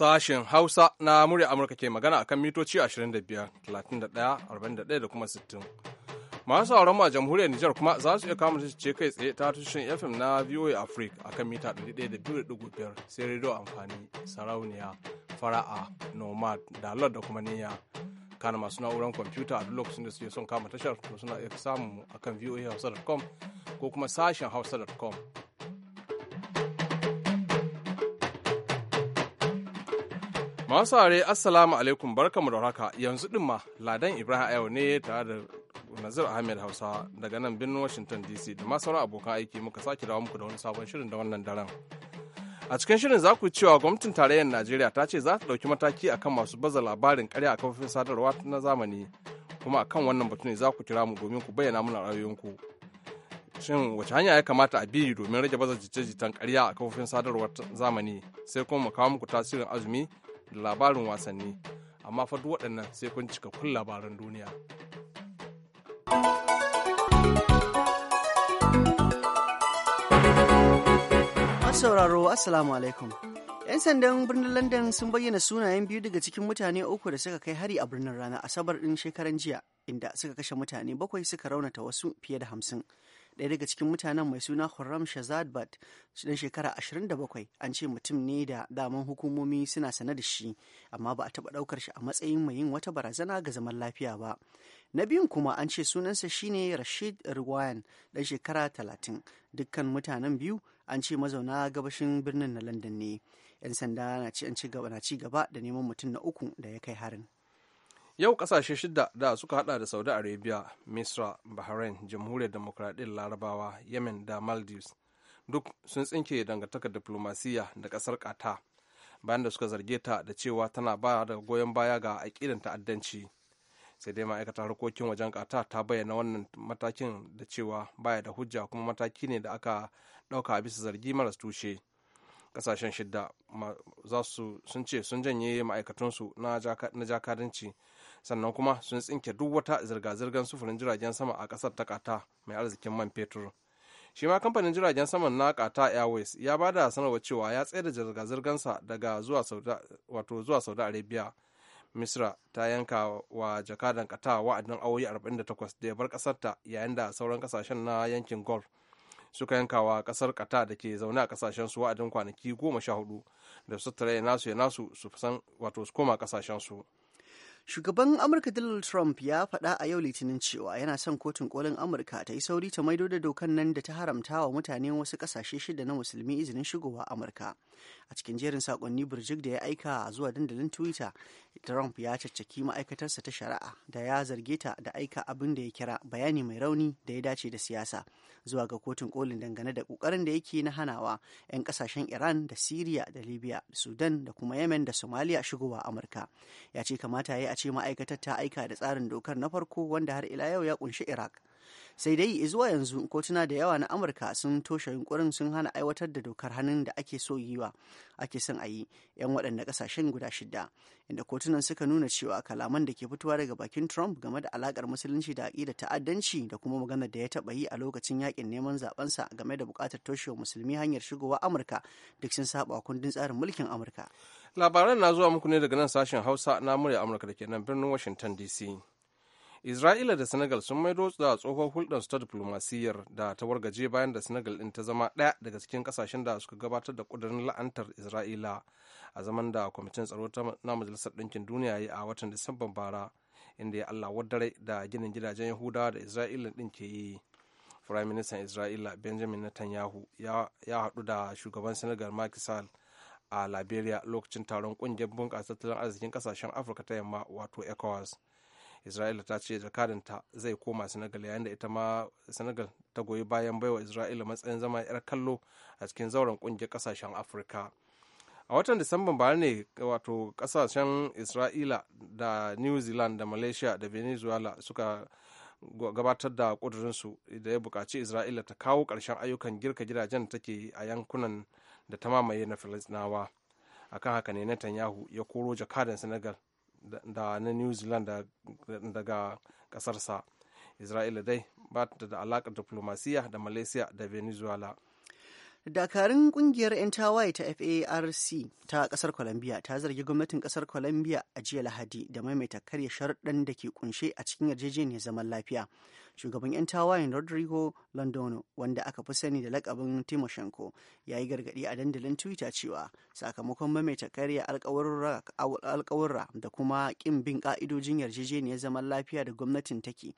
sashen Hausa na murya Amurka ke magana akan mitoci 25, 31, 41 da kuma 60. Masu sauran a jamhuriyar Nijar kuma za su iya kama su ce kai tsaye ta tushen FM na VOA Africa akan mita 102.5 sai rediyo amfani sarauniya fara'a nomad dalar da kuma niyya kana masu na'urar kwamfuta a duk lokacin da suke son kama tashar to suna iya samun akan voahausa.com ko kuma sashen hausa.com Masu are assalamu alaikum barkamu da haka yanzu din ma ladan Ibrahim Ayo ne tare da Nazir Ahmed Hausa daga nan birnin Washington DC da ma sauran abokan aiki muka sake dawo muku da wani sabon shirin da wannan daren. A cikin shirin za ku cewa gwamnatin tarayyar Najeriya ta ce za ta ɗauki mataki akan masu baza labarin ƙarya a kafofin sadarwa na zamani kuma akan wannan batu ne za ku kira mu domin ku bayyana mana ra'ayoyinku. shin wace hanya ya kamata a bi domin rage baza jita-jitan karya a kafofin sadarwar zamani sai kuma mu kawo muku tasirin azumi da labarin wasanni amma fa duk waɗannan sai kun cika kun labaran duniya. sauraro asalamu alaikum yan sandan birnin london sun bayyana sunayen biyu daga cikin mutane uku da suka kai hari a birnin rana asabar din shekaran jiya inda suka kashe mutane bakwai suka raunata wasu fiye da hamsin ɗaya daga cikin mutanen mai suna Khurram Shahzad Bat dan shekara 27 an ce mutum ne da daman hukumomi suna sane da shi amma ba a taɓa ɗaukar shi a matsayin mai yin wata barazana ga zaman lafiya ba. Na biyun kuma an ce sunansa shine Rashid Rwayan dan shekara 30 dukkan mutanen biyu an ce mazauna gabashin birnin na London ne. 'Yan sanda na ci gaba da neman mutum na uku da ya kai harin. yau kasashe shida da suka hada da saudi arabia misra bahrain jamhuriyar demokradiyyar larabawa yemen da maldives duk sun tsinke dangantakar diplomasiya da kasar qatar bayan da suka zarge ta da cewa tana ba da goyon baya ga aƙidan ta'addanci sai dai ma'aikatar harkokin wajen kata ta bayyana wannan matakin da cewa baya da hujja kuma mataki ne da aka ɗauka bisa zargi maras tushe kasashen shida za su sun ce sun janye ma'aikatunsu na jakadanci sannan kuma sun tsinke duk wata zirga-zirgar sufurin jiragen sama a kasar ta kata mai arzikin man fetur shi ma kamfanin jiragen saman na kata airways ya ba da sanarwa cewa ya tsaye da zirga zirgarsa daga zuwa saudi arabia misra ta yanka wa jakadan kata wa'adin awoyi 48 da ya bar kasarta yayin da sauran kasashen na yankin golf suka yanka wa kasar kata da ke zaune a kasashen su wa'adin kwanaki 14 da su tare nasu ya nasu su san wato su koma kasashen su Shugaban Amurka Donald Trump ya faɗa a yau Litinin cewa yana son kotun kolin Amurka ta yi sauri ta maido da dokan nan da ta haramta wa mutane wasu ƙasashe shida na musulmi izinin shigowa Amurka. a cikin jerin sakonni birjik da ya aika zuwa dandalin twitter trump ya caccaki ma'aikatarsa ta shari'a da ya zarge ta da aika abin da ya kira bayani mai rauni da ya dace da siyasa zuwa ga kotun kolin dangane da kokarin da yake na hanawa 'yan kasashen iran da syria da libya da sudan da kuma yemen da somalia shigowa amurka ya ce kamata ya yi a ce ma'aikatar ta aika da tsarin dokar na farko wanda har ila yau ya kunshi iraq sai dai zuwa yanzu kotuna da yawa na amurka sun toshe yunkurin sun hana aiwatar da dokar hannun da ake so yiwa ake son a yi yan waɗanda ƙasashen guda shida inda kotunan suka nuna cewa kalaman da ke fitowa daga bakin trump game da alakar musulunci da aƙidar ta'addanci da kuma maganar da ya taɓa yi a lokacin yakin neman zaɓensa game da buƙatar toshewa musulmi hanyar shigowa amurka duk sun saba kundin tsarin mulkin amurka labaran na zuwa muku ne daga nan sashen hausa na murya amurka da ke nan birnin washington dc Isra'ila da Senegal sun maido da tsohon su ta diplomasiyyar da ta wargaje bayan da Senegal ɗin ta zama ɗaya daga cikin ƙasashen da suka gabatar da ƙudurin la'antar Isra'ila a zaman da kwamitin tsaro na Majalisar Ɗinkin Duniya yi a watan Disamban bara inda ya Allah wadare da ginin gidajen yahuda da Isra'ila ɗin ke yi. Firayim Ministan Isra'ila Benjamin Netanyahu ya haɗu da shugaban Senegal Macky Sall a Liberia lokacin taron ƙungiyar bunƙasa tattalin arzikin ƙasashen Afirka ta Yamma wato ECOWAS. isra'ila ta ce jakadanta zai koma senegal yayin da ita ma senegal ta goyi bayan baiwa isra'ila matsayin zama yar kallo a cikin zauren kungiyar kasashen afirka a watan disamban bara ne wato kasashen isra'ila da new zealand da malaysia da venezuela suka gabatar da su da ya buƙaci isra'ila ta kawo ƙarshen ayyukan girka gidajen da take a yankunan da ta mamaye na filistinawa akan haka ne netanyahu ya koro jakadan senegal da na new zealand daga kasarsa isra'ila dai ba ta da alaƙar diplomasiya da malaysia da venezuela dakarun kungiyar 'yan tawaye ta farc ta kasar colombia ta zargi gwamnatin kasar colombia a jiya lahadi da maimaita karya sharuɗan da ke kunshe a cikin yarjejeniyar zaman lafiya shugaban 'yan tawayen rodrigo londono wanda aka fi sani da lakabin timoshenko ya yi gargadi a dandalin twitter cewa sakamakon mamaita karya alkawarra da kuma kin bin ka'idojin yarjejeniyar zaman lafiya da gwamnatin take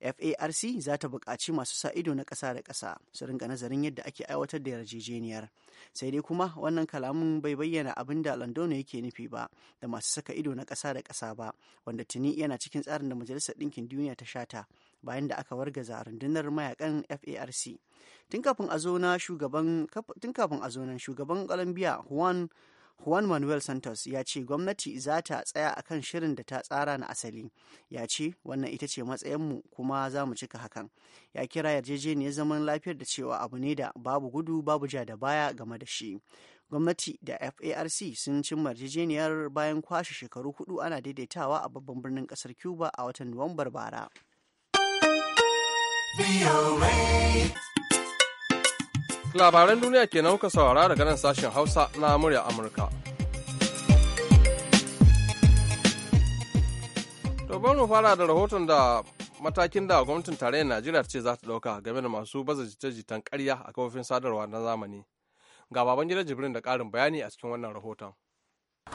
farc za ta buƙaci masu sa ido na ƙasa da ƙasa su ringa nazarin yadda ake aiwatar da yarjejeniyar sai dai kuma wannan kalamun bai bayyana abin da londono yake nufi ba da masu saka ido na ƙasa da ƙasa ba wanda tuni yana cikin tsarin da majalisar ɗinkin duniya ta shata bayan da aka wargaza rundunar mayakan farc tun kafin a zo shugaban colombia juan Juan Manuel Santos ya ce gwamnati za ta tsaya a kan shirin da ta tsara na asali. Ya ce, wannan ita ce matsayinmu kuma za mu cika hakan. Ya kira yarjejeniyar zaman lafiyar da cewa abu ne da babu gudu babu ja da baya game da shi. Gwamnati da FARC sun cimma yarjejeniyar bayan kwashe shekaru hudu ana daidaitawa a babban birnin kasar Cuba a watan Nuwambar bara. Labaran duniya ke kuka saurara daga nan sashen Hausa na murya Amurka. To mu fara da rahoton da matakin da gwamnatin tarayyar Najeriya ce za ta ɗauka game da masu baza jita-jitan karya a kafofin sadarwa na zamani. Ga baban gidan Jibrin da karin bayani a cikin wannan rahoton.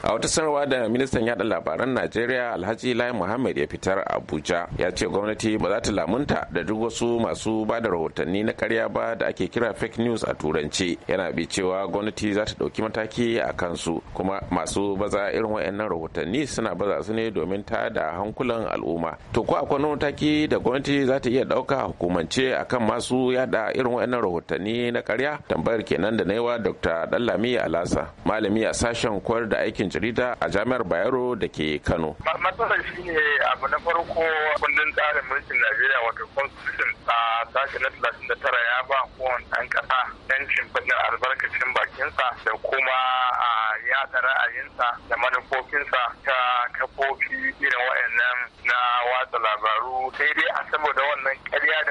a wata sanarwa da ministan yada labaran najeriya alhaji lai muhammad ya fitar abuja ya ce gwamnati ba za ta lamunta da duk wasu masu ba da rahotanni na karya ba da ake kira fake news a turanci yana bi cewa gwamnati za ta ɗauki mataki a kansu kuma masu baza irin wayannan rahotanni suna baza su ne domin ta da hankulan al'umma to ko akwai wani mataki da gwamnati za ta iya ɗauka hukumance akan masu yada irin wayannan rahotanni na karya tambayar kenan da na naiwa dr dallami alasa malami a sashen koyar da aikin aikin jarida a jami'ar bayero da ke kano matsalar shi ne abu na farko kundin tsarin mulkin najeriya wato constitution a sashi na talatin da tara ya ba kowane ɗan ƙasa yancin fadin albarkacin bakinsa da kuma a yaɗa ra'ayinsa da manufofinsa ta kafofi irin wa'annan na watsa labaru sai dai a saboda wannan ƙarya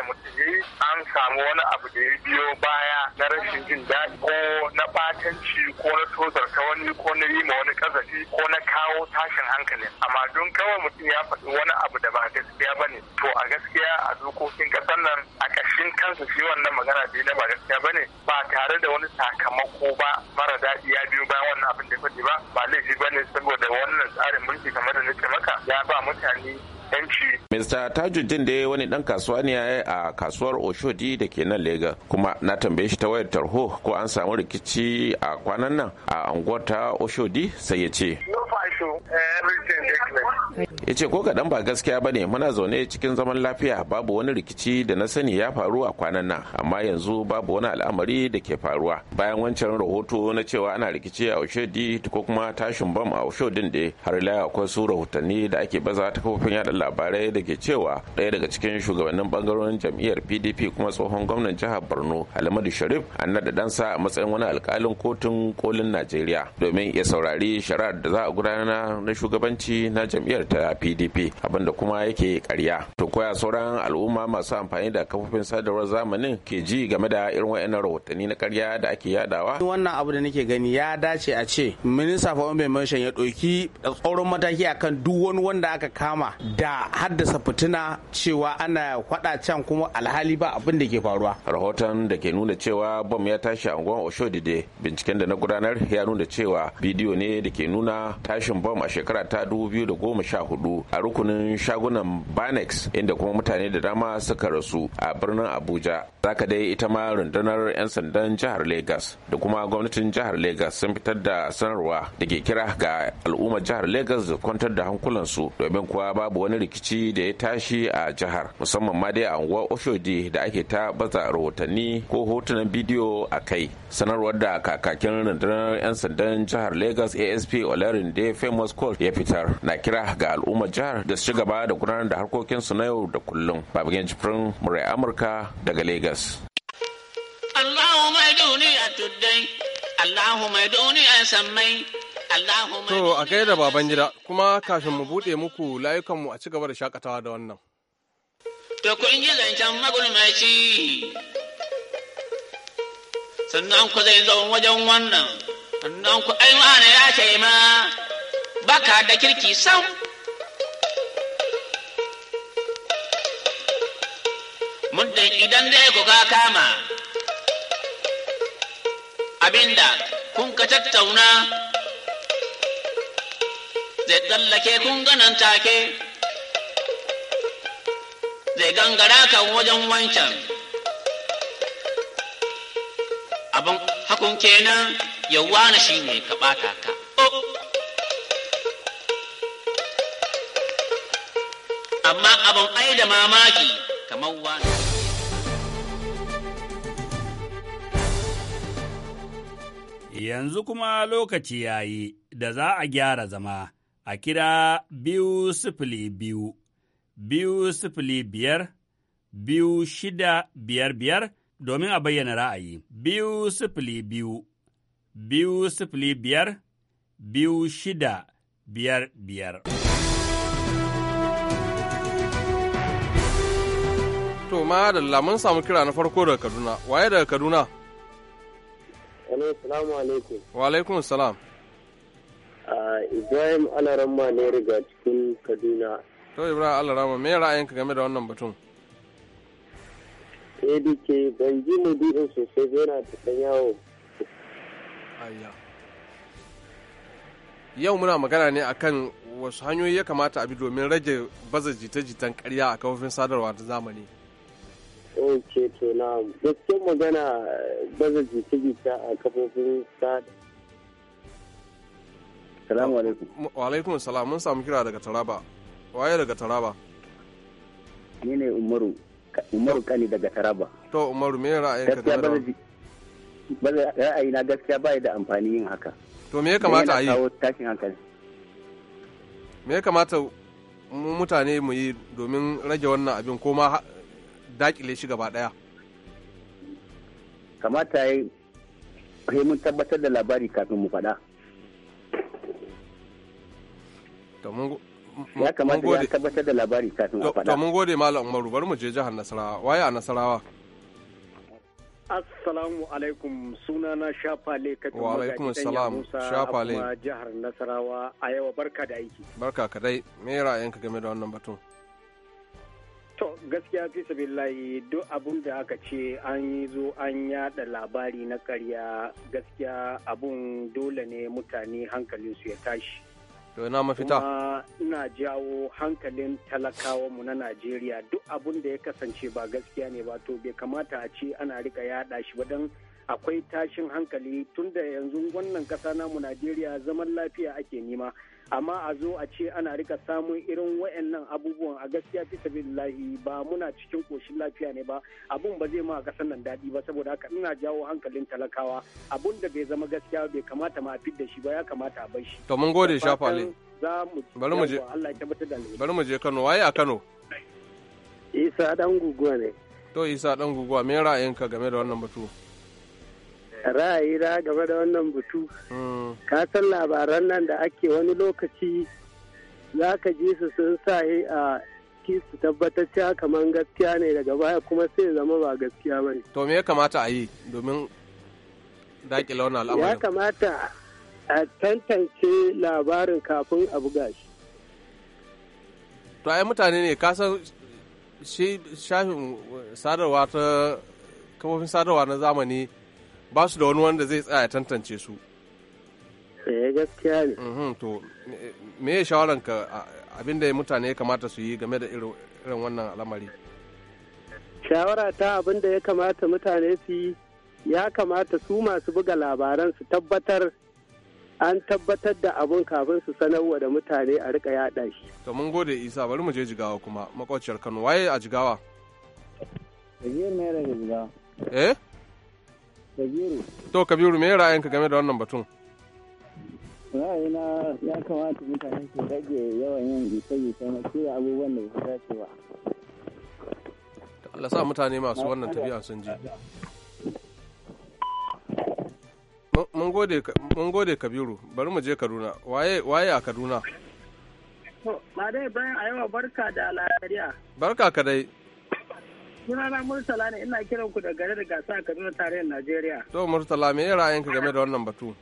samu wani abu da ya biyo baya na rashin jin daɗi ko na batanci ko na ta wani ko na yi ma wani kazafi ko na kawo tashin hankali amma don kawai mutum ya faɗi wani abu da ba gaskiya ba ne to a gaskiya a dokokin ƙasar nan a ƙashin kansa shi wannan magana da na ba gaskiya ba ne ba tare da wani sakamako ba mara daɗi ya biyo bayan wannan abin da faɗi ba ba laifi ba ne saboda wannan tsarin mulki kamar da nake maka ya ba mutane Mr. Tajuddin dai wani ɗan kasuwa ne a kasuwar Oshodi da ke nan Legas kuma na tambaye shi ta wayar tarho ko an samu rikici a kwanan nan a unguwar ta Oshodi sai ya ce. ya ce ko kaɗan ba gaskiya ba ne muna zaune cikin zaman lafiya babu wani rikici da na sani ya faru a kwanan nan amma yanzu babu wani al'amari da ke faruwa bayan wancan rahoto na cewa ana rikici a oshodi ko kuma tashin bam a oshodin da har ila akwai su rahotanni da ake baza ta kafofin yada labarai da ke cewa ɗaya daga cikin shugabannin bangarorin jam'iyyar pdp kuma tsohon gwamnan jihar borno alhamadu sharif an naɗa ɗansa a matsayin wani alƙalin kotun kolin najeriya domin ya saurari shari'ar da za a gudanar na shugabanci na jam'iyyar jam'iyyar ta pdp abinda kuma yake karya to koya sauran al'umma masu amfani da kafofin sadarwar zamanin ke ji game da irin wa'annan rahotanni na karya da ake yadawa wannan abu da nake gani ya dace a ce minista bai mention ya ɗauki tsoron mataki akan duk wani wanda aka kama da haddasa fitina cewa ana kwada can kuma alhali ba abin da ke faruwa rahoton da ke nuna cewa bom ya tashi a unguwar oshodide binciken da na gudanar ya nuna cewa bidiyo ne da ke nuna tashin bom a shekara ta 2010 sha hudu a rukunin shagunan banex inda kuma mutane da dama suka rasu a birnin abuja zaka dai ita ma rundunar 'yan sandan jihar Legas, da kuma gwamnatin jihar Legas sun fitar da sanarwa da ke kira ga al'ummar jihar Legas da kwantar da hankulansu domin kuwa babu wani rikici da ya tashi a jihar musamman ma dai a unguwa oshodi da ake ta baza rahotanni ko hotunan bidiyo a kai sanarwar da kakakin rundunar 'yan sandan jihar Legas, asp olarin de famous call ya fitar na kira ga al'ummar jihar da su ci gaba da gudanar da harkokin su na yau da kullum Babban jifirin murai amurka daga lagos To a gaida baban gida kuma kafin mu buɗe muku layukanmu a ci gaba da shakatawa da wannan. To kun ji zancen magulmaci sannan ku zai zo wajen wannan sannan ku aiwana ya ce ma baka da kirki sam muddin idan dai ku ka kama abinda kun ka tattauna zai tsallake kun ganan take zai gangara kan wajen wancan abin hakun kenan yawwa na shi ne ka ɓata ka amma abin ai da mamaki kamar wani yanzu kuma lokaci ya yi da za a gyara zama a kira biyu sifili biyu, biyu sifili biyar, biyu shida biyar biyar domin a bayyana ra'ayi, biyu sifili biyu, biyu sifili biyar, biyu shida biyar biyar. To, ma da mun samu kira na farko daga Kaduna, waye daga Kaduna? Hello, salamu alaikum. Wa alaikum salam. Ah, Ibrahim Alarama ne riga cikin Kaduna. To Ibrahim Alarama, me ra'ayinka game da wannan batun? adk ban ji maudu'in sosai yana da ɗan yawo. Aya. Yau muna magana ne akan wasu hanyoyi ya kamata a bi domin rage baza jita-jitan karya a kafofin sadarwa ta zamani. ok to na gaskiyar magana eh, baza jita-jita a kafofin sada salamu alaikum wa alaikum salam mun samu kira daga taraba waye daga taraba ni ne umaru umaru kani daga taraba to umaru me ra'ayinka game da gaskiya ra'ayi na gaskiya bai da amfani yin haka to me ya kamata a yi tashin hankali me ya kamata mu mutane mu yi domin rage wannan abin ko ma dakile shi gaba daya kamata ya yi mun tabbatar da labari kafin mu faɗa ya kamata ya tabbatar da labari kafin mu faɗa to mun gode malam umaru bari mu je jihar nasarawa waye a nasarawa Assalamu alaikum suna na Shafale Katin Wa alaikum salam Shafale jihar Nasarawa a yawa barka da aiki. Barka kadai me ra'ayinka game da wannan batun? To gaskiya fi sabillahi duk abun da aka ce an yi zo an yada labari na karya gaskiya abun dole ne mutane hankalinsu ya tashi. To ina mafita? Kuma ina jawo hankalin talakawa mu na Najeriya duk abun da ya kasance ba gaskiya ne ba to bai kamata a ce ana rika yada shi ba don akwai tashin hankali tun da yanzu wannan kasa namu najeriya zaman lafiya ake nema amma a zo a ce ana rika samun irin wayannan abubuwan a gaskiya fi sabilillahi ba muna cikin koshin lafiya ne ba abun ba zai ma kasan nan daɗi ba saboda haka ina jawo hankalin talakawa abun da bai zama gaskiya bai kamata ma a da shi ba ya kamata a bar shi to mun gode shafale bari mu je bari mu je Kano waye a Kano Isa dan guguwa ne to Isa dan guguwa me ra'ayinka game da wannan batu ra'ayina game da wannan butu hmm. ka san labaran nan da ake wani lokaci za ka ji su sun sa a kisu tabbatar cewa kamar gaskiya ne daga baya kuma sai zama ba gaskiya ba ne. To me ya kamata a yi domin daƙi launa al'amarin? Ya kamata a tantance labarin kafin a buga shi. To ai mutane ne kasan shi shafin sadarwa ta kamofin sadarwa na zamani ba su da wani wanda zai tsaya tantance su eh gaskiya ne mhm, to me ya shawaran ka abin da mutane ya kamata su yi game da irin wannan al'amari shawara ta abin da ya kamata mutane su yi ya kamata su masu buga labaran su tabbatar an tabbatar da abun kafin su sanarwa da mutane a rika yada shi to mun gode isa bari mu je jigawa kuma makwaciyar kano waye a jigawa eh Kabiru. To Kabiru me ra'ayinka game da wannan batun? Ra'ayina ya kamata mutane su rage yawan yin jita-jita na cire abubuwan da su dace ba. Allah sa mutane masu wannan tafiya sun ji. Mun gode Kabiru, bari mu je Kaduna. Waye a Kaduna? Ba dai bayan a yawa barka da lariya. Barka ka dai. sunana murtala ne ina kiran ku da gare da gasa a kaduna tarayyar najeriya to murtala me ra'ayinka game da wannan batu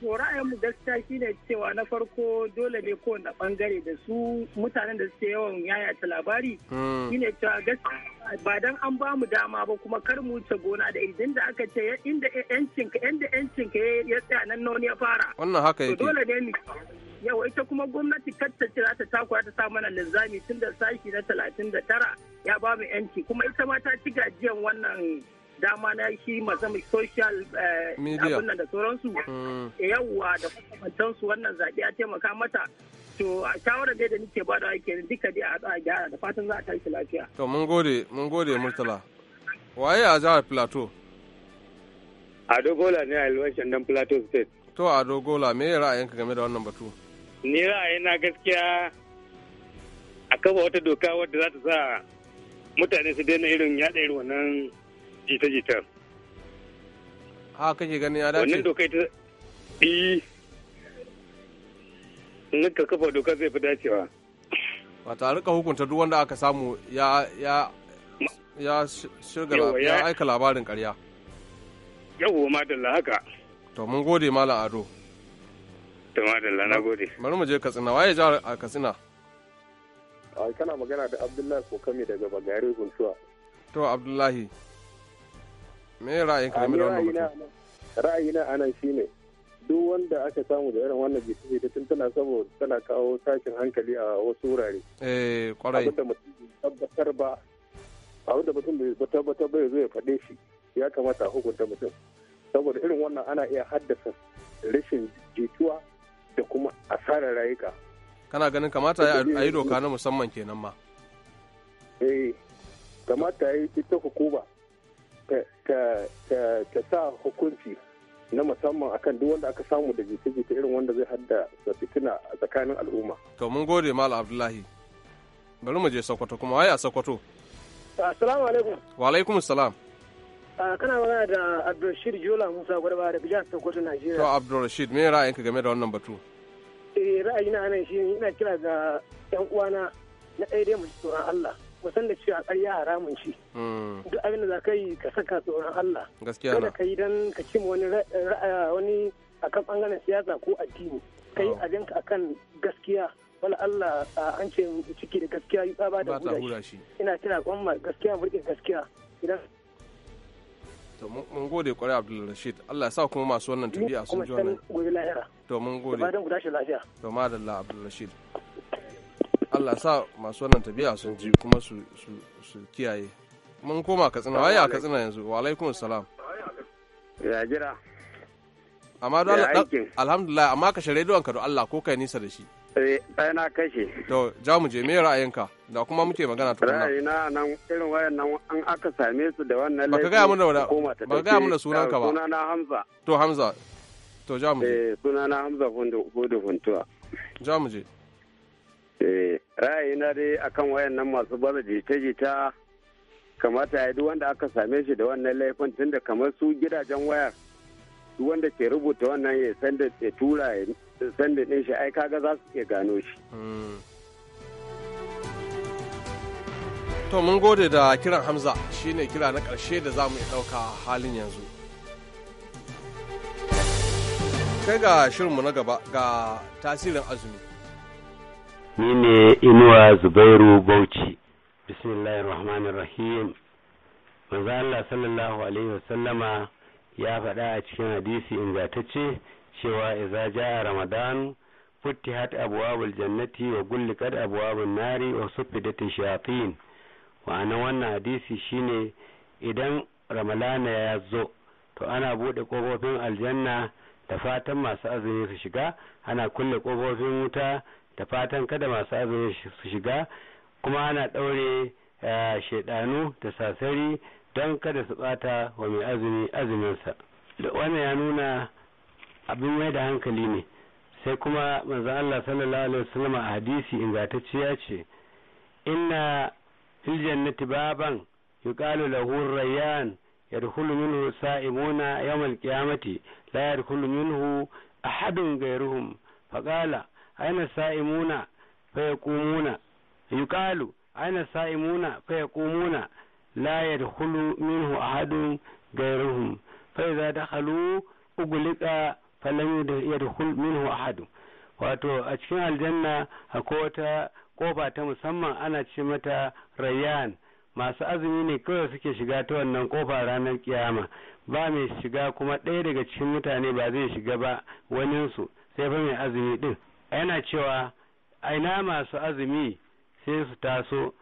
to ra'ayinmu gaskiya shine cewa na farko dole ne kowane bangare da su mutanen da suke yawan yayata labari hmm. shine cewa gaskiya ba dan an ba mu dama ba kuma kar mu wuce gona da idan da aka ce inda 'yancinka inda yancin ya tsaya nan ya fara wannan haka yake dole ne yau ita kuma gwamnati katta ce za ta takura ta sa mana linzami tun da sashi na talatin da tara ya ba mu yanci kuma ita ma ta ci gajiyan wannan dama na shi mazami social eh, abin da sauransu mm. yawwa da makamantansu wannan zaɓe ya taimaka mata to a shawarar dai da nake ba da ake duka dai a tsaya gyara da fatan za a tashi lafiya to mun gode mun gode murtala waye a jihar plateau adogola ne a ilmashin dan plateau state to a dogola me ra'ayinka game da wannan batu ni ra'ayina gaskiya a kafa wata doka wadda za ta sa mutane su daina irin yaɗa irin wannan jita jita Ha kake ganin ya dace? Wannan doka ita yi eh, ka kafa doka zai fi dacewa. ta rika hukunta duk wanda aka samu ya ya ya shirga ya aika labarin karya. ma da haka. To mun gode Malam Ado. Tuma da lana gode. Bari mu je Katsina, waye jihar a Katsina? Kana magana da Abdullahi Kokami daga Bagare Guntuwa. To Abdullahi, me ka game da wannan mutum? ra'ayi na anan shi ne, duk wanda aka samu da irin wannan bisisi da tun tana saboda tana kawo tashin hankali a wasu wurare. Eh, kwarai. Abinda mutum bai tabbatar ba, abinda mutum bai tabbatar ba ya zo ya faɗe shi, ya kamata a hukunta mutum. Saboda irin wannan ana iya haddasa rashin jituwa kare rayuka kana ganin kamata a yi doka na musamman kenan ma eh kamata ya yi ita hukuma ta sa hukunci na musamman akan duk wanda aka samu da jita-jita irin wanda zai haddasa fitina a tsakanin al'umma. To mun gode Malam Abdullahi. Bari mu je Sokoto kuma waye a Sokoto. Assalamu alaikum. Wa alaikum salam. Ah, kana magana da Abdul Rashid Jola Musa Gwarba daga jihar Sokoto Najeriya. To Rashid me ra'ayinka game da wannan batu? Eh, na nan shi ina kira ga yan uwana na ɗaya dai mu tsoron Allah mu san da cewa ƙarya haramun shi mm. duk abin da za ka yi ka saka tsoron Allah gaskiya kada ka yi dan ka ci wani wani akan bangaren siyasa ko addini kai oh. abinka akan gaskiya wala Allah an ce ciki da gaskiya yi ba da hura shi ina kira kwan gaskiya burkin gaskiya idan to mun gode kwarai abdul rashid allah ya sa kuma masu wannan tabi'a sun ji wannan to mun gode to madalla abdul rashid allah ya sa masu wannan tabi'a sun ji kuma su su kiyaye mun koma katsina waye a katsina yanzu wa alaikum salam ya jira amma don alhamdulillah amma ka shirye don ka don allah ko kai nisa da shi Eh, ɗaya na kashe. To, za mu je me ra'ayinka? Da kuma muke magana tukuna. Ra'ayina nan irin wayannan an aka same su da wannan laifin. ka gaya mana wada. Baka gaya mana ka ba. Sunana Hamza. To Hamza. To za mu je. Eh, Suna na Hamza Hudu Huntuwa. Za mu je. Eh, ra'ayina dai akan wayannan masu baza jita-jita kamata ya duk wanda aka same shi da wannan laifin tunda kamar su gidajen wayar duk wanda ke rubuta wannan ya san da ya tura sanda ɗin shi ai kaga za su iya gano shi. To mun gode da kiran Hamza shine kira na ƙarshe da za mu iya ɗauka halin yanzu. Kai ga shirinmu na gaba ga tasirin azumi. Ni ne Inuwa Zubairu Bauchi. Bismillahirrahmanirrahim. Manzo Allah sallallahu alaihi wasallama ya faɗa a cikin hadisi in ingantacce cewa idza jaa ramadan futtihat abwabul jannati wa gullikat abwabun nari wa suffidat shayatin ana wannan hadisi shine idan ramalana ya zo to ana bude kofofin aljanna da fatan masu azumi su shiga ana kulle kofofin wuta da fatan kada masu azumi su shiga kuma ana daure eh, shaidanu da sasari don kada su bata wa mai azumi azuminsa da wannan ya nuna abin mai da hankali ne sai kuma manzo Allah sallallahu alaihi wasallam a hadisi ingantacciya ce inna fil jannati baban yuqalu lahu rayyan yadkhulu minhu sa'imuna yawm al-qiyamati la yadkhulu minhu ahadun ghayruhum faqala aina sa'imuna yaqumuna yuqalu aina sa'imuna yaqumuna la yadkhulu minhu ahadun ghayruhum fa idza dakhalu ughliqa fallan yadkhul minhu ahadu wato a cikin aljanna akwai wata kofa ta musamman ana ce mata rayyan masu azumi ne kawai suke shiga ta wannan kofa ranar kiyama ba mai shiga kuma ɗaya daga cikin mutane ba zai shiga ba waninsu sai fa mai azumi ɗin yana cewa aina masu azumi sai su taso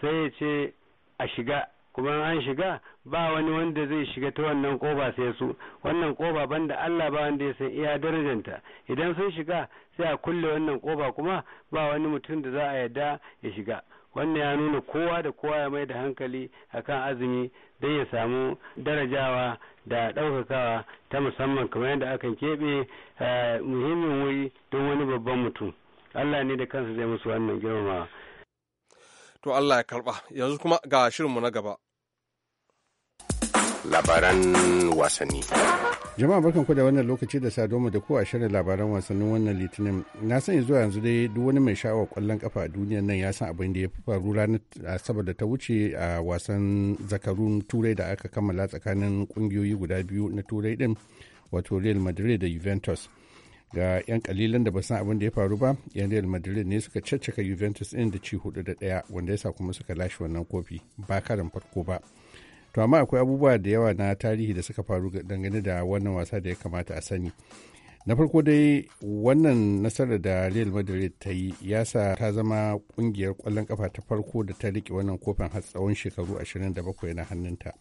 sai ya ce a shiga kuma an shiga ba wani wanda zai shiga ta wannan koba sai su wannan koba banda Allah ba wanda ya san iya darajanta idan sun shiga sai a kulle wannan koba kuma ba wani mutum da za a yarda ya shiga wannan ya nuna kowa da kowa ya mai da hankali akan azumi don ya samu darajawa da ɗaukakawa ta musamman kamar yadda akan keɓe eh, muhimmin wuri don wani babban mutum Allah ne da kansa zai musu wannan girmamawa to Allah ya karba yanzu kuma ga shirinmu na gaba labaran wasanni. Jama'a barkan ku da wannan lokaci da sadomu da ku a shirin labaran wasannin wannan litinin. Na sani zuwa yanzu dai duk wani mai sha'awar kwallon kafa a duniyar nan ya san abin da ya faru ranar asabar da ta wuce a wasan zakarun turai da aka kammala tsakanin kungiyoyi guda biyu na turai din wato Real Madrid da Juventus. Ga 'yan kalilan da ba san abin da ya faru ba, 'yan Real Madrid ne suka caccaka Juventus din da ci hudu da daya wanda ya sa kuma suka lashe wannan kofi ba karin farko ba. to amma akwai abubuwa da yawa na tarihi da suka faru dangane da wannan wasa da ya kamata a sani na farko dai wannan nasarar da real madrid ta yi ya sa ta zama kungiyar kwallon kafa ta farko da ta rike wannan kofin har tsawon shekaru 27 na hannunta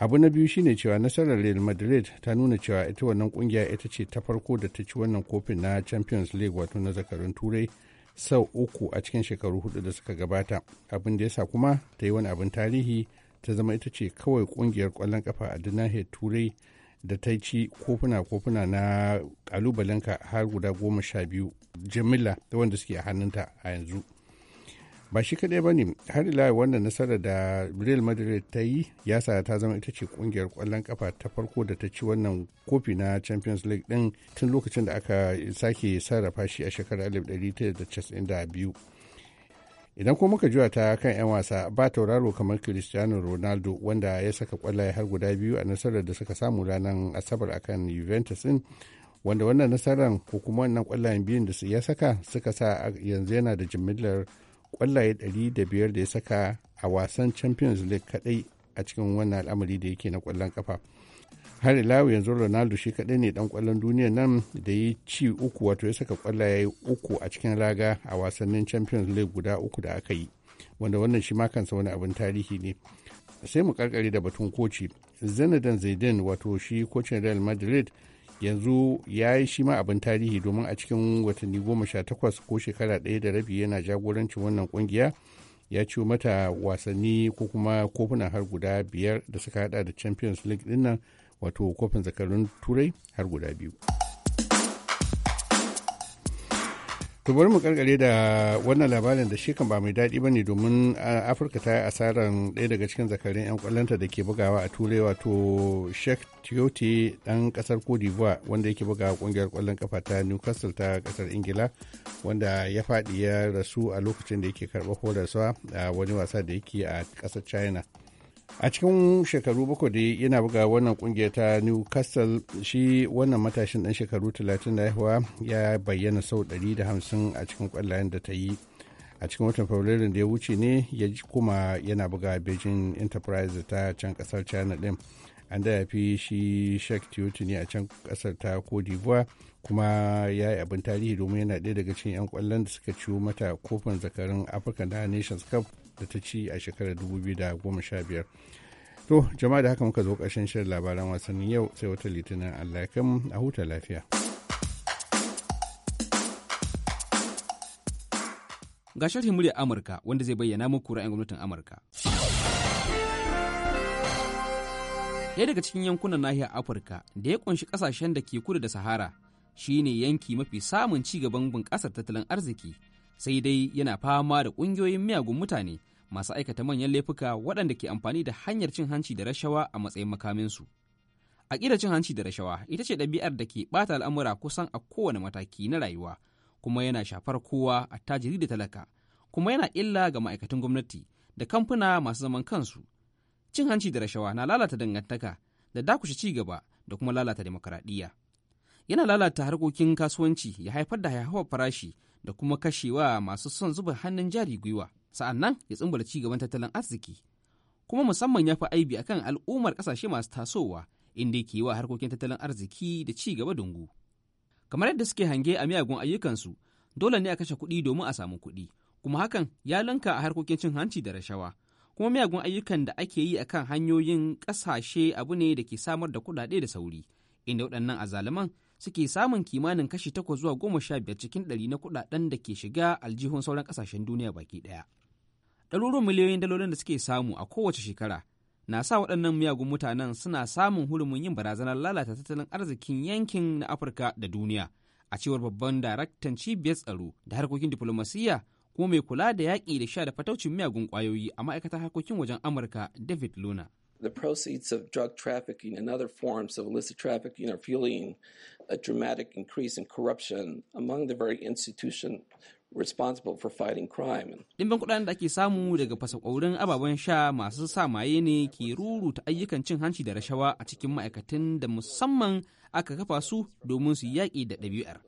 abu na biyu shine cewa nasarar real madrid ta nuna cewa ita wannan kungiya ita ce ta farko da ta ci wannan kofin na champions league wato na zakarun turai sau uku a cikin shekaru hudu da suka gabata abin da ya sa kuma ta yi wani abin tarihi ta zama ita ce kawai kungiyar kwallon kafa a nahiyar turai da ta ci kofuna-kofuna na kalubalenka har guda goma sha biyu jamila da wanda suke a hannunta a yanzu ba shi kadai ba ne har ila wannan nasarar da real madrid ta yi ya sa ta zama ita ce kungiyar kwallon kafa ta farko da ta ci wannan kofi na champions league din tun lokacin da aka sake sarrafa shi a shekarar 1992 idan kuma muka juya ta kan 'yan wasa ba tauraro kamar cristiano ronaldo wanda ya saka kwallaye har guda biyu a nasarar da suka samu ranar asabar akan juventus din wanda wannan nasarar ko kuma wannan kwallayen biyun da su ya saka suka sa yanzu yana da jimillar kwallaye 500 da ya saka a wasan champions league kadai a cikin wannan al'amari da yake na kwallon kafa har lawi yanzu ronaldo shi kaɗai ne dan kwallon duniya nan da ya ci uku wato ya saka kwallaye uku a cikin raga a wasannin champions league guda uku da aka yi wanda wannan shi ma kansa wani abin tarihi ne sai mu karkare da batun koci zinedine zidane wato shi kocin real madrid yanzu ya yi shi ma abin tarihi domin a cikin watanni goma sha takwas ko shekara ɗaya da rabi yana jagorancin wannan kungiya ya ciwo mata wasanni ko kuma kofuna har guda biyar da suka hada da champions league dinnan wato kofin zakarun turai har guda biyu to bari mu karkare da wannan labarin da shi kan ba mai daɗi ba ne domin afirka ta yi asaran ɗaya daga cikin zakarin 'yan kwallonta da ke bugawa a turai wato shek tiyoti dan kasar cote d'ivoire wanda yake bugawa ƙungiyar kwallon kafa ta newcastle ta ƙasar ingila wanda ya faɗi ya rasu a lokacin da yake karɓar horarsa a wani wasa da yake a ƙasar china a cikin shekaru bakwai da yana buga wannan kungiyar ta newcastle shi wannan matashin dan shekaru 30 da haihuwa ya bayyana sau 150 a cikin kwallayen da ta yi a cikin watan fabrairun da ya wuce ne ya kuma yana buga beijing enterprise ta can kasar china din an da ya fi shi shek tiyoti ne a can kasar ta cote d'ivoire kuma ya yi abin tarihi domin yana ɗaya daga cikin 'yan kwallon da suka ciwo mata kofin zakarin da nations cup da ta ci a shekarar 2015 to jama'a da haka muka zo ƙarshen shirin labaran wasannin yau sai wata litinin allah ya a huta lafiya ga sharhin muryar amurka wanda zai bayyana muku ra'ayin gwamnatin amurka ɗaya daga cikin yankunan nahiyar afirka da ya kunshi ƙasashen da ke kudu da sahara shine yanki mafi samun ci gaban bunƙasar tattalin arziki sai dai yana fama da ƙungiyoyin miyagun mutane masu aikata manyan laifuka waɗanda ke amfani da hanyar cin hanci da rashawa a matsayin makaminsu. a ƙira cin hanci da rashawa ita ce ɗabi'ar da ke ɓata al'amura kusan a kowane mataki na rayuwa, kuma yana shafar kowa a tajiri da talaka, kuma yana illa ga ma'aikatan gwamnati da kamfuna masu zaman kansu. Cin hanci da rashawa na lalata dangantaka da dakushe ci gaba da kuma lalata demokaradiyya. Yana lalata harkokin kasuwanci ya haifar da hauhawar farashi da kuma kashewa masu son zuba hannun jari gwiwa sa'an nan ya tsumbala ci gaban tattalin arziki kuma musamman ya fi aibi akan al'ummar kasashe masu tasowa inda ke wa harkokin tattalin arziki da ci gaba dungu kamar yadda suke hange a miyagun ayyukansu dole ne a kashe kuɗi domin a samu kuɗi kuma hakan ya lanka a harkokin cin hanci da rashawa kuma miyagun ayyukan da ake yi akan hanyoyin ƙasashe abu ne da ke samar da kuɗaɗe da sauri inda waɗannan azaliman suke samun kimanin kashi takwas zuwa goma sha biyar cikin ɗari na kuɗaɗen da ke shiga aljihun sauran ƙasashen duniya baki ɗaya. Ɗaruruwan miliyoyin dalolin da suke samu a kowace shekara na sa waɗannan miyagun mutanen suna samun hurumin yin barazanar lalata tattalin arzikin yankin na Afirka da duniya. A cewar babban daraktan cibiyar tsaro da harkokin diflomasiyya kuma mai kula da yaƙi da sha da fataucin miyagun ƙwayoyi a ma'aikatar harkokin wajen Amurka David Luna. The proceeds of drug trafficking and other forms of illicit trafficking are fueling a dramatic increase in corruption among the very institution responsible for fighting crime. Dimbin kuɗaɗen da ake samu daga fasakwaurin ababen sha masu sa maye ne ke ruruta ayyukan cin hanci da rashawa a cikin ma'aikatan da musamman aka kafa su domin su yaƙi da ɗabi'ar.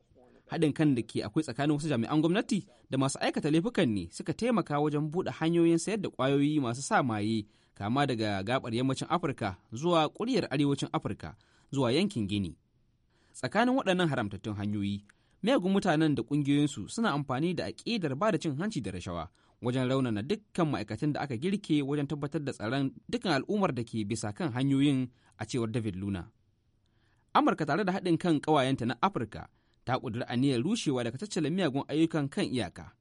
Haɗin kan da ke akwai tsakanin wasu jami'an gwamnati da masu aikata laifukan ne suka taimaka wajen buɗe hanyoyin sayar da ƙwayoyi masu sa maye kama daga gabar yammacin afirka zuwa ƙuryar arewacin afirka zuwa yankin gini tsakanin waɗannan haramtattun hanyoyi miyagun mutanen da ƙungiyoyinsu suna amfani da aƙidar ba da cin hanci da rashawa wajen raunana dukkan ma'aikatan da aka girke wajen tabbatar da tsaron dukkan al'ummar da ke bisa kan hanyoyin a cewar david luna amurka tare da haɗin kan ƙawayenta na afirka ta ƙudiri aniyar rushewa daga tattalin miyagun ayyukan kan iyaka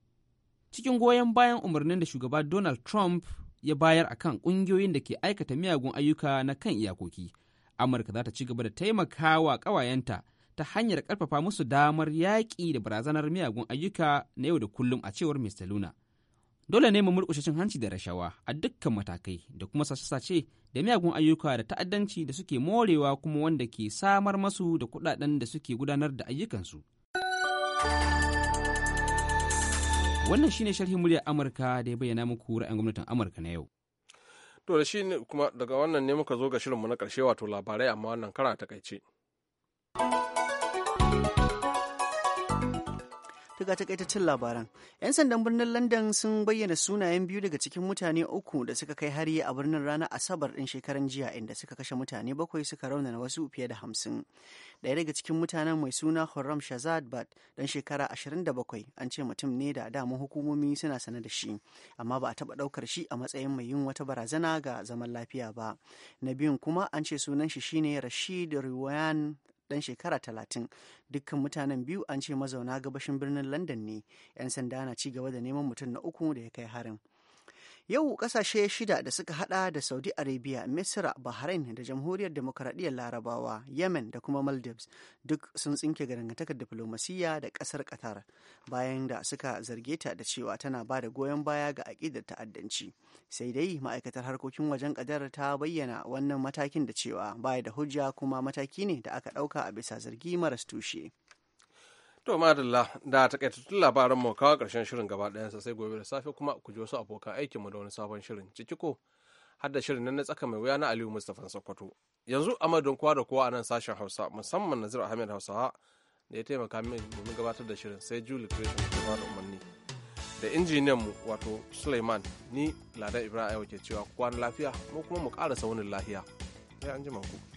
cikin goyon bayan umarnin da shugaba donald trump ya bayar a kan ƙungiyoyin da ke aikata miyagun ayyuka na kan iyakoki. Amurka za ta ci gaba da taimakawa ƙawayenta ta hanyar ƙarfafa musu damar yaƙi da barazanar miyagun ayyuka na yau da kullum a cewar Mr. Luna. Dole ne mu murƙushe cin hanci da rashawa a dukkan matakai da kuma sace-sace da miyagun ayyuka da ta'addanci da suke morewa kuma wanda ke samar masu da kuɗaɗen da suke gudanar da ayyukansu. Wannan shine sharhin muryar Amurka da ya bayyana muku ra'ayin gwamnatin Amurka na yau. To da shi kuma daga wannan ne muka zo ga shirinmu na karshe wato labarai amma wannan kara takaice. ta ga takaitaccen labaran. 'Yan sandan birnin London sun bayyana sunayen biyu daga cikin mutane uku da suka kai hari a birnin ranar Asabar ɗin shekaran jiya inda suka kashe mutane bakwai suka rauna na wasu fiye da hamsin. Ɗaya daga cikin mutanen mai suna Horam Shazad Bat ɗan shekara 27 an ce mutum ne da dama hukumomi suna sane da shi amma ba a taɓa ɗaukar shi a matsayin mai yin wata barazana ga zaman lafiya ba. Na biyun kuma an ce sunan shi shine Rashid Riwayan dan shekara talatin dukkan mutanen biyu an ce mazauna gabashin birnin london ne 'yan sanda na ci gaba da neman mutum na uku da ya kai harin Yau ƙasashe shida da suka hada da Saudi Arabia, Misra, Bahrain da Jamhuriyar Demokaradiyyar Larabawa, Yemen da kuma Maldives duk sun tsinke dangantakar diflomasiyya da ƙasar Qatar bayan da suka zarge ta da cewa tana ba da goyon baya ga aƙidar ta'addanci. Sai dai ma'aikatar harkokin wajen Qatar ta bayyana wannan matakin da cewa baya da hujja kuma mataki ne da aka ɗauka a bisa zargi maras tushe. To madalla da takaitattun labaran mu kawo karshen shirin gaba ɗayansa sai gobe da safe kuma ku ji wasu abokan aikin mu da wani sabon shirin ciki ko har da shirin nan na tsaka mai wuya na Aliyu Mustafa Sokoto. Yanzu amadu madon kowa da kowa a nan sashen Hausa musamman Nazir Ahmed Hausawa da ya taimaka min domin gabatar da shirin sai Julie Creation ba da umarni. Da injiniyan mu wato Suleiman ni Ladan Ibrahim ke cewa kwana lafiya mu kuma mu kara saunin lafiya. Sai an ku.